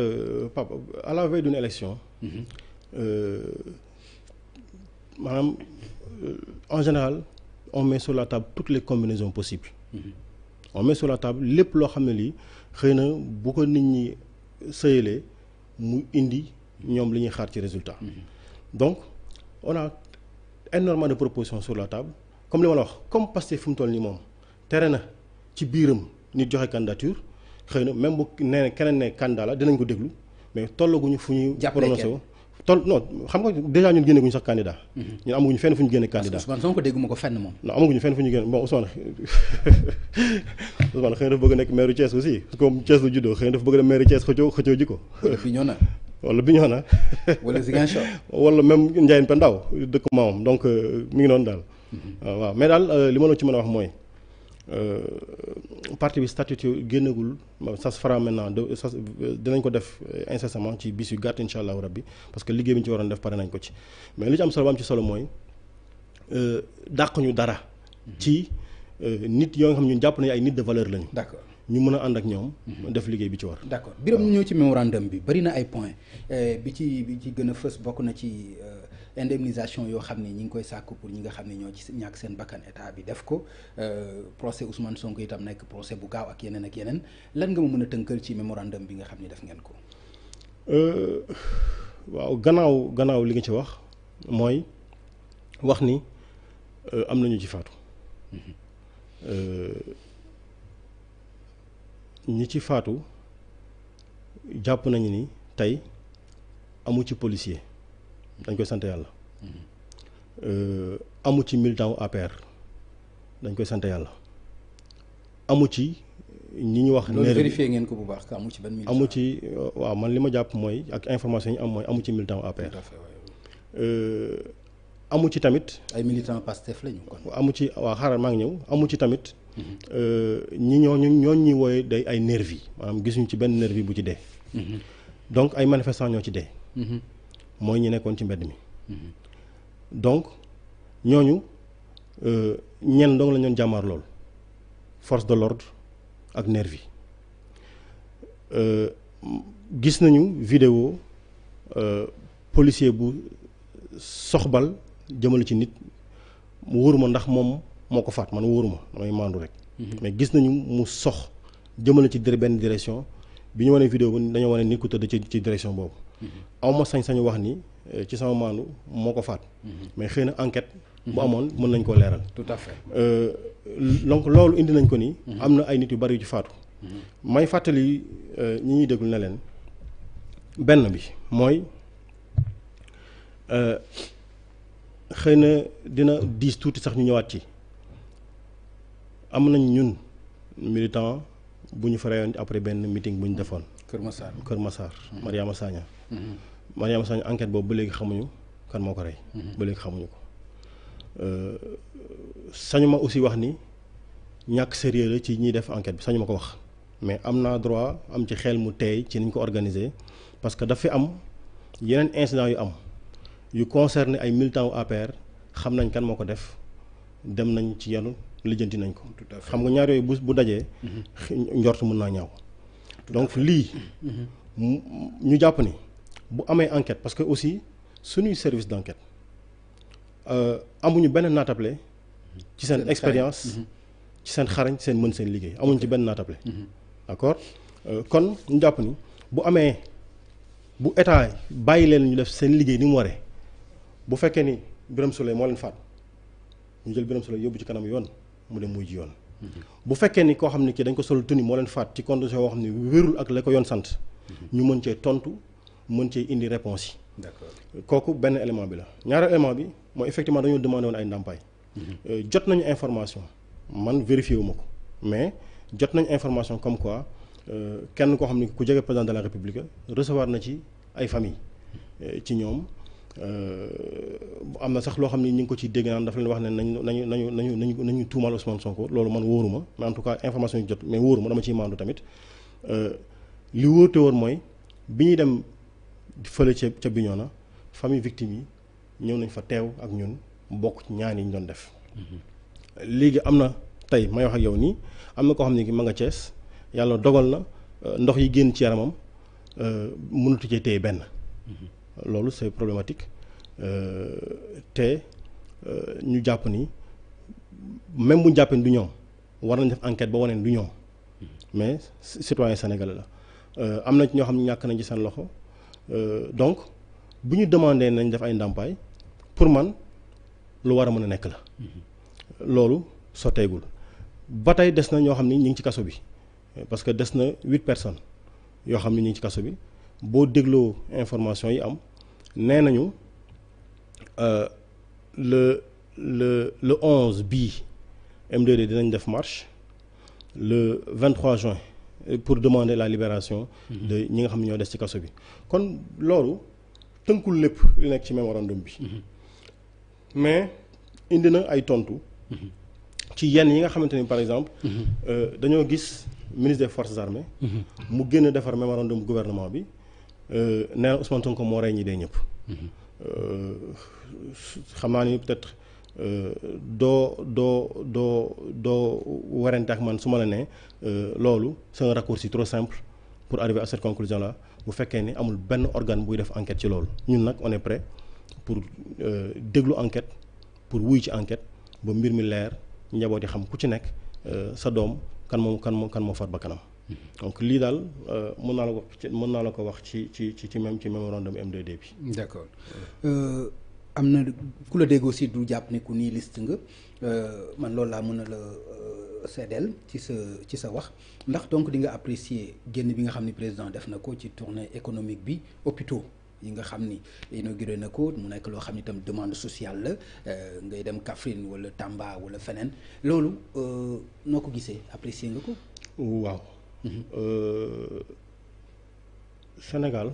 Euh, Pape du la élection mhm. euh, maanaam euh, en général on met sur la table toutes les combinaisons possibles mhm. on met sur la table lépp loo xam ne lii xëy na bu ko nit ñi sëyalee mu indi ñoom li ñuy xaar ci résultat mhm. donc on a énormément de propositions sur la table comme li ma la wax comme Pastef fu mu toll nii moom tere na ci biiram nit joxe candidature xëy na même bu nee keneen ne candidat la dinañ ko déglu mais tollaguñu fu ñu ñuy prononcé wu toll non xam nga déjà ñun génne guñu sax candidat mm-hmm. ñun amaguñu fenn fu ñu génne candidat Ousmane Sonko dégguma ko fenn moom non amaguñu fenn fu ñu génne bon Ousmane Ousmane xëy na dafa bëgg nekk maire Thiès aussi comme Thiès lu juddoo xëy na dafa bëgg a maire Thiès xëccoo xëccoo ji ko wala na wala Ziguinchor wala même Ndiayène Pendaaw dëkk maamam donc euh, mi ngi noonu daal mm-hmm. euh, waaw mais daal euh, li ma la ci mën a wax mooy parti bi statut génnagul ça se fera maintenant de ça dinañ ko def euh, incessamment ci bis yu gàtt incha allahu rabbi parce que liggéey bi ñu ci waroon def pare nañ ko ci mais li ci am solo ba am ci solo mooy euh, dàq ñu dara. ci euh, nit yoo nga xam ñu jàpp nañu ay nit de valeur lañu. d'accord ñu mën a ànd ak ñoom. Mhm. def liggéey bi ci war. d'accord Birame ñu ñëw ci mémorandum bi bari na ay points bi ci bi ci gën a fës bokk na ci. indemnisation yoo xam ni ñi ngi koy sàkk pour ñi nga xam ne ñoo ci ñàkk seen bakkan état bi def ko euh, procès Ousmane Sonko itam nekk procès bu gaaw ak yeneen ak yeneen lan nga ma mën a tënkal ci mémorandum bi nga xam ne def ngeen ko. Euh, waaw gannaaw gannaaw li nga ci wax mooy wax ni euh, am nañu ci faatu. Mm-hmm. ñi ci faatu jàpp nañu ni tey amu ci policier. dañ koy sant yàlla. Euh, amu ci militant wu APR dañ koy sant yàlla amu ci ñi ñu wax. loolu vérifié ngeen ko bu baax amu ci ban militant amu ci waaw man li ma jàpp mooy ak information yi am mooy amu ci militant wu APR. Euh, amu ci tamit. ay militant Pastef lañu kon. amu ci waaw xaaral maa ñëw amu ci tamit. Mhm. Euh, ñi ñu ñooñu ñuy wooye day ay nervi maanaam gisuñu ci benn nervi bu ci dee. Mhm. donc ay manifestant ñoo ci dee. Mhm. mooy ñu nekkoon ci mbedd mi mhm. donc ñooñu euh, ñenn dong lañoon ñoon lool force de l'ordre ak nervi euh, gis nañu vidéo euh, policier bu soxbal jëmale ci nit mu wóoru ma ndax moom moo ko faat man wóoru ma damay maandu rek mhm. mais gis nañu mu sox jëmale ci benn direction bi ñu wanee vidéo bi dañoo wane nit ku tëdd ci ci direction boobu aw sañ-sañu wax ni eh, ci sama maandu moo ko faat. mais xëy na enquête. bu amoon mën nañ koo leeral. tout à fait euh, donc loolu indi nañ ko ni. am na ay nit yu bari yu ci faatu. may fàttali euh, ñi ñuy déglu na leen benn bi mooy euh, xëy na dina diis tuuti sax ñu ñëwaat ci am nañ ñun militant bu ñu fa rayoon après benn meeting bu ñu defoon. Kër Massar Kër Massar. Mm-hmm. Mariama Sagna. Mm-hmm. Mariama Sagna enquête boobu ba léegi xamuñu kan moo ko rey. Mm-hmm. ba léegi xamuñu ko euh, sañu ma aussi wax ni ñàkk sérieux la ci ñiy def enquête bi sañu ma ko wax mais am naa droit am ci xel mu teey ci niñ ko organiser parce que dafa am yeneen incident yu am yu concerné ay militants wu APR xam nañ kan moo ko def dem nañ ci yanu lijjanti nañ ko. xam nga ñaar yooyu bu bu dajee. njort mën naa ñaaw. donc lii ñu jàpp ni bu amee enquête parce que aussi suñuy service d' enquête euh, amuñu benn naatable ci seen expérience mhm. ci seen xarañ seen mën seen liggéey amuñu ci benn natable mhm. d' euh, kon ñu jàpp ni bu amee bu état bàyyi leen ñu def seen liggéey ni mu waree bu fekkee ni Birame Souleye moo leen faat ñu jël Birame Souleye yóbbu ci kanam yoon mu dem muy ji yoon bu fekkee ni koo xam ne kii dañ ko sol tuni moo leen faat ci condition yoo xam ne wérul ak la ko yoon sant ñu mën cee tontu mën cee indi réponse yi kooku benn élément bi la ñaari élément bi mooy effectivement dañoo demandé woon ay ndàmpaay mhm. euh, jot nañu information man vérifié wu ma ko mais jot nañu information comme quoi euh, kenn koo xam ne ku jege président de la république recevoir na ci ay famille euh, ci ñoom Euh, am na sax loo xam ne ñu ngi ko ci dégg naan dafa leen wax ne nañu nañu nañu nañu nañu nañu tuumaal Ousmane Sonko loolu man wóoruma mais en tout cas information yi jot mais wóoruma dama ciy maandu tamit euh, li woon mooy bi ñuy dem fële ca ca Bignona famille victime yi ñëw nañ fa teew ak ñun bokk ci ñaan yi doon def. Mm-hmm. am na tey may wax ak yow nii am na koo xam ne ma nga Cees yàlla dogal na euh, ndox yi génn ci yaramam mënatu cee téye benn. Mm-hmm. loolu c'est problématique euh, te euh, ñu jàpp ni même bu ñu jàppee du ñoom war nañ def enquête ba waneen du ñoom mais citoyen sénégalais la euh, am na ci ñoo xam ne ñàkk nañ ci seen loxo donc bu ñu demandé nañ def ay ndàmpaay pour man lu war a mën a nekk la loolu sotteegul ba tey des na ñoo xam ni ñu ngi ci kaso bi parce que des na huit personnes yoo xam ni ñu ci kaso bi boo dégloo information yi am nee nañu euh, le le le onze bii m dinañ def marche le 23 juin pour demander la libération. Mhm. de ñi nga xam ne ñoo des ci kaso bi. kon loolu tënkul lépp li nekk ci mémorandum bi. Mhm. mais indi na ay tontu. Mhm. ci yenn yi nga xamante ni par exemple. Euh, dañoo gis ministre des forces armées. mu génn defar mémorandum gouvernement bi. Euh, nee na Ousmane Sonko moo rey ñi dee ñëpp. Mhm. Euh, xam naa ni peut-être euh, doo doo doo doo warante ak man su ma la nee loolu c'est un raccourci trop simple pour arriver à cette conclusion là bu fekkee ni amul benn organe buy def enquête ci loolu ñun nag on est prêt pour déglu enquête pour wuy ci enquête ba mbir mi leer njaboot yi xam ku ci nekk sa doom kan moom kan moo kan moo far ba kanam. donc lii daal euh, mën naa la ko mën naa la ko wax ci ci ci ci même ci mémorandum M2D bi. accord euh, am na ku la déggoo si du jàpp ne ku nii list nga euh, man loolu laa mën a la seddeel ci sa ci sa wax ndax donc di nga apprécier génn bi nga xam ni président def na ko ci tournée économique bi hôpitaux yi nga xam ni inauguré na ko mu nekk loo xam ni itam demande sociale la ngay dem Kaffrine wala Tamba wala feneen loolu noo ko gisee apprécier nga ko. waaw. Euh, Sénégal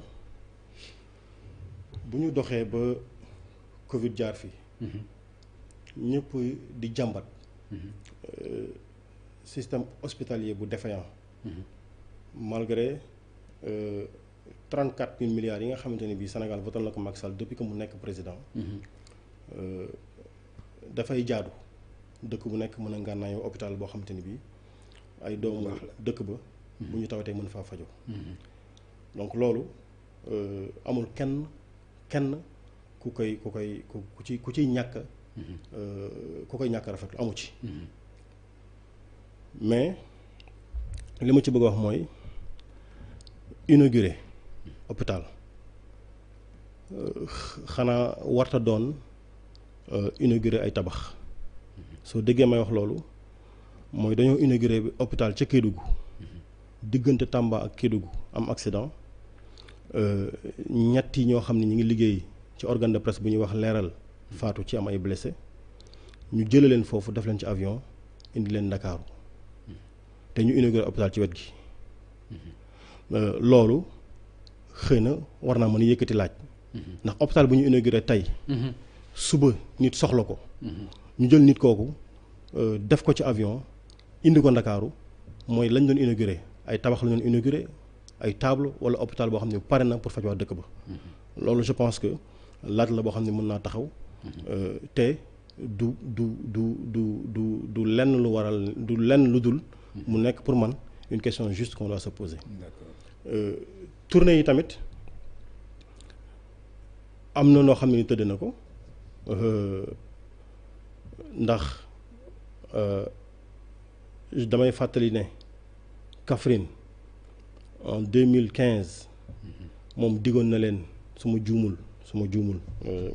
bu ñu doxee ba Covid jaar fi ñëpp di jàmbat. Euh, système hospitalier bu défaillant. malgré euh, trente quatre mille milliards yi nga xamante ne bii Sénégal votal na ko Macky Sall depuis que mu nekk président. dafay jaadu dëkk bu nekk mën a ngànnaayoo hôpital boo xamante ne bii ay doomu dëkk ba. bu ñu tawatee mën faa fajo mm-hmm. donc loolu euh, amul kenn kenn ku koy ku koy ku ci ku ciy ñàkk mm-hmm. euh, ku koy ñàkk rafetlu amu ci mm-hmm. mais li ma ci bëgg a wax mooy inauguré hôpital euh, xanaa warta doon inauguré ay tabax soo déggee may wax loolu mooy dañoo inauguré hôpital ca Kédougou diggante Tamba ak Kédougou am accident euh, ñetti ñoo xam ne ñu ngi liggéey ci organe de presse bu ñuy wax leeral faatu ci am ay blessé ñu jëlee leen foofu def leen ci avion indi leen Ndakaaru te ñu inauguré hôpital ci wet gi euh, loolu xëy na war naa mën a yëkkati laaj ndax hôpital bu ñu inauguré tey suba nit soxla ko ñu jël nit kooku euh, def ko ci avion indi ko Ndakaaru mooy lañ doon inauguré ay tabax la ñu inauguré ay table wala hôpital boo xam ne pare na pour faj waa dëkk ba. loolu je pense que laaj la boo xam ne mën naa taxaw. Euh, te du du du du du du lenn lu waral du lenn lu dul. mu nekk pour man une question juste qu'on doit se poser. d'accord euh, tournée yi tamit am na noo xam ne tëdd na ko euh, ndax damay fàttali ne. Kaffrine en 2015 moom diggoon na leen su ma juumul su ma juumul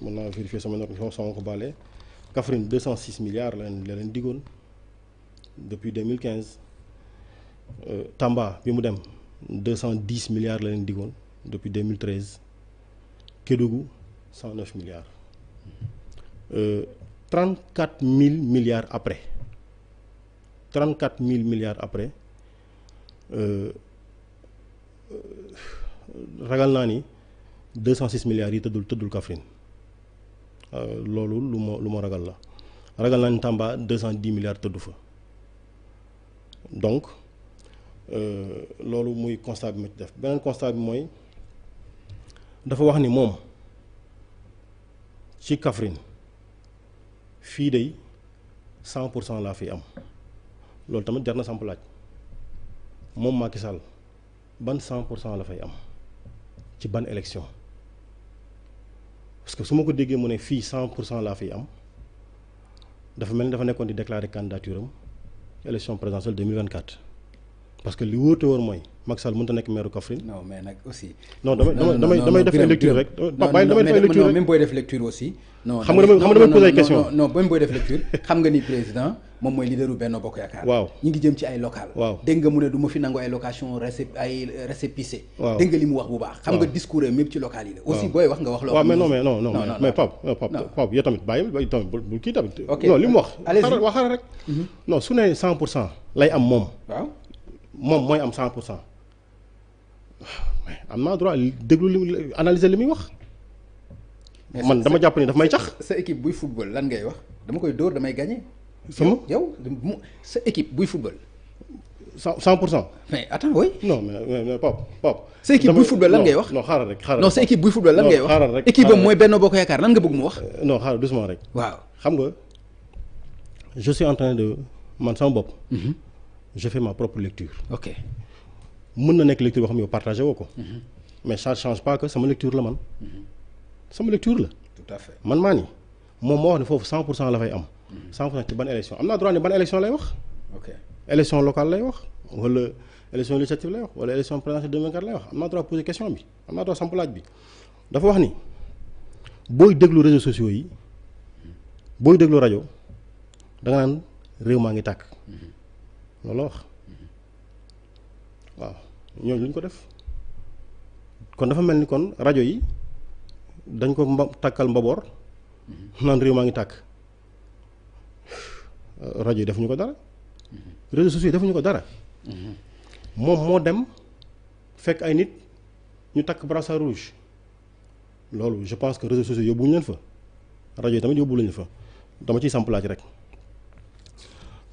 mën naa vérifier sama note sama ko baale Kaffrine 206 milliards la leen la leen diggoon depuis 2015 euh, Tamba bi mu dem 210 milliards la leen diggoon depuis 2013 Kédougou 109 milliards 34 euh, 000 milliards après 34 000 milliards après. Euh, euh, ragal naa ni 206 milliards yi tëddul tëddul kafrin euh, loolu lu ma lu ma ragal la ragal naa ni cent 210 milliards tëddu fa donc loolu muy constat bi ma ci def beneen constat bi mooy dafa wax ni moom ci Kaffrine fii de cent pour cent laa fi am loolu tamit jar na samp laaj. moom Macky Sall ban 100 pour cent la fay am ci ban élection parce que su ma ko déggee mu ne fii 100 pour cent laa fay am dafa mel ni dafa nekkoon di déclarer candidature am élection présidentielle 2024. parce que li wóote mooy Macky Sall mënut a nekk maire Kaffrine. non damay damay damay def lecture rek. damay def rek xam nga damay damay question. ni président. moom mooy leaderu benn Bokk Yaakaar. waaw ñu ngi jëm ci ay local. waaw dégg nga mu ne du ma fi nangu ay location récép ay récépissé. waaw dégg li mu wax bu baax. xam nga discours même ci local yi la. aussi booy wax nga wax. loolu mais non mais non non mais euh, Pape. non Pape Pape yow tamit bàyyi yow tamit bu kii tamit. ok non li mhm. lay am moom. waaw moom mooy am 100 pour cent. mais am li analyser li muy wax. man dama jàpp ni daf may cax. sa équipe buy football lan ngay wax dama koy dóor damay gagné sama yow sa équipe buy football. cent cent pour cent. mais attends oui. non mais mais Pape Pape. sa équipe buy football lan ngay wax non xaaral rek. xaaral non sa équipe buy football lan ngay wax. xaaral rek équipe am mooy Benno Bokk Yaakaar lan nga bëgg mu wax. Euh, non xaaral doucement rek. waaw xam nga je suis en train de man sama bopp. Mhm. je fais ma propre lecture. ok mën na nekk lecture boo xam ne yow partagé woo ko. Mhm. mais ça ne change pas que sama lecture la man. Mhm. sama lecture la. tout à fait man maa ni moom moo wax ne foofu cent pour cent la fay am. sànq nag ci ban élection am naa droit ne ban élection lay wax. ok élection locale lay wax wala élection législative lay wax wala élection présidentielle 2024 lay wax am naa droit poser question bi am naa droit samp laaj bi dafa wax ni booy déglu réseaux sociaux yi booy déglu rajo da naan réew maa ngi tàkk loolu la wax ñooñu lu ko def kon dafa mel ni kon rajo yi dañ ko mba takkal mbaboor naan réew maa ngi tàkk. rajo yi defuñu ko dara réseaux sociaux yi defuñu ko dara moom moo dem fekk ay nit ñu takk brassard rouge loolu je pense que réseaux sociaux yóbbuñu leen fa rajo yi tamit yóbbu lañu fa dama ciy samplaaj rek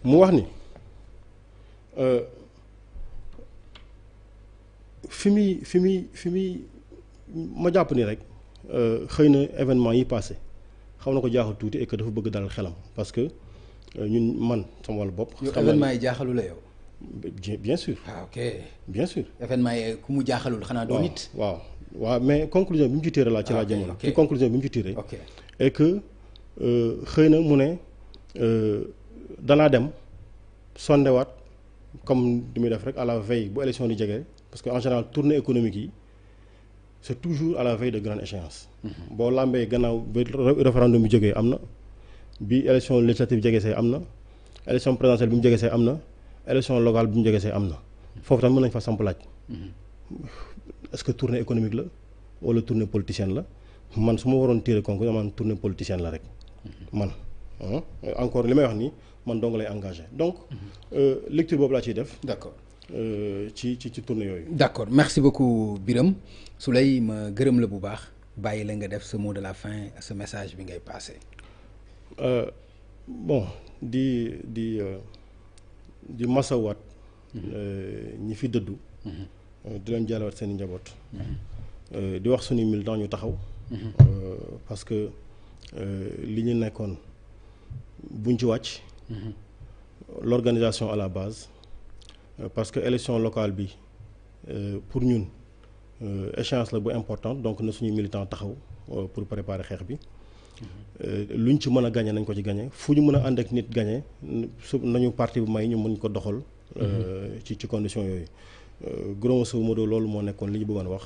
mu wax ni euh, fi muy fi muy fi muy ma jàpp ni rek euh, xëy na événement yi passé xaw na ko jaaxal tuuti et que dafa bëgg dalal xelam parce Euh, ñun man sama wàllu bopp. xam yi jaaxalu la yow. bien sûr. Ah, bien sûr. événement yi ku mu jaaxalul xanaa doo nit. waaw waaw mais conclusion bi mu ci tiré laa ci laa ah, jëmoon. ci conclusion bi mu ci tiré. ok et que euh, xëy na mu ne euh, danaa dem sondewaat comme du muy def rek à la veille bu élection di jege parce que en général tournée économique yi c' est toujours à la veille de grande échéance. Mhm. boo làmbee gannaaw ba référendum bi jógee am na. bi élection législative jege see am na élection présidentielle bi mu jege say am na élection locale bi mu jege see am na foofu tam mën nañ fa samp laaj mhm. est-ce que tournée économique la wala tournée politicienne la man su ma waroon tirer conclusion man tournée politicienne la rek mhm. man ah, encore li may wax nii man dong lay engagé donc mhm. euh, lecture boobu laa ciy def d'accord euh, ci ci ci tournée yooyu d'accord merci biram su lay ma gërëm la bu baax bàyyi la nga def ce mot de la fin ce message bi ngay passé Euh, bon di di euh, di masawaat. Mhm. Euh, ñi fi dëddu. Mhm. di leen jaalewaat seen i njaboot. Mhm. di wax suñu militant ñu taxaw. parce que li ñu nekkoon buñ ci wàcc. l'organisation à la base parce que élection locale bi pour ñun échéance la bu importante donc na suñu militant taxaw pour préparer xeex bi. Euh, luñ ci mën a gañe nañ ko ci gañe fu ñu mën a ànd ak nit gañe su nañu parti bu may ñu mën ko doxal. Euh, mhm. ci ci condition yooyu. Euh, grosso modo loolu moo nekkoon li ñu bëggoon wax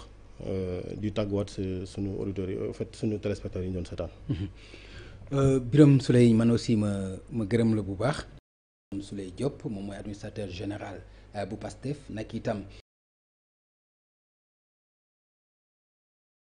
di tàgguwaat suñu auditeurs yi en fait suñu téléspectateurs yi ñu doon seetaan. Mhm. biram Souleye man aussi ma ma gërëm la bu baax. su Souleye Diop moom mooy administrateur général bu PASTEF nag itam.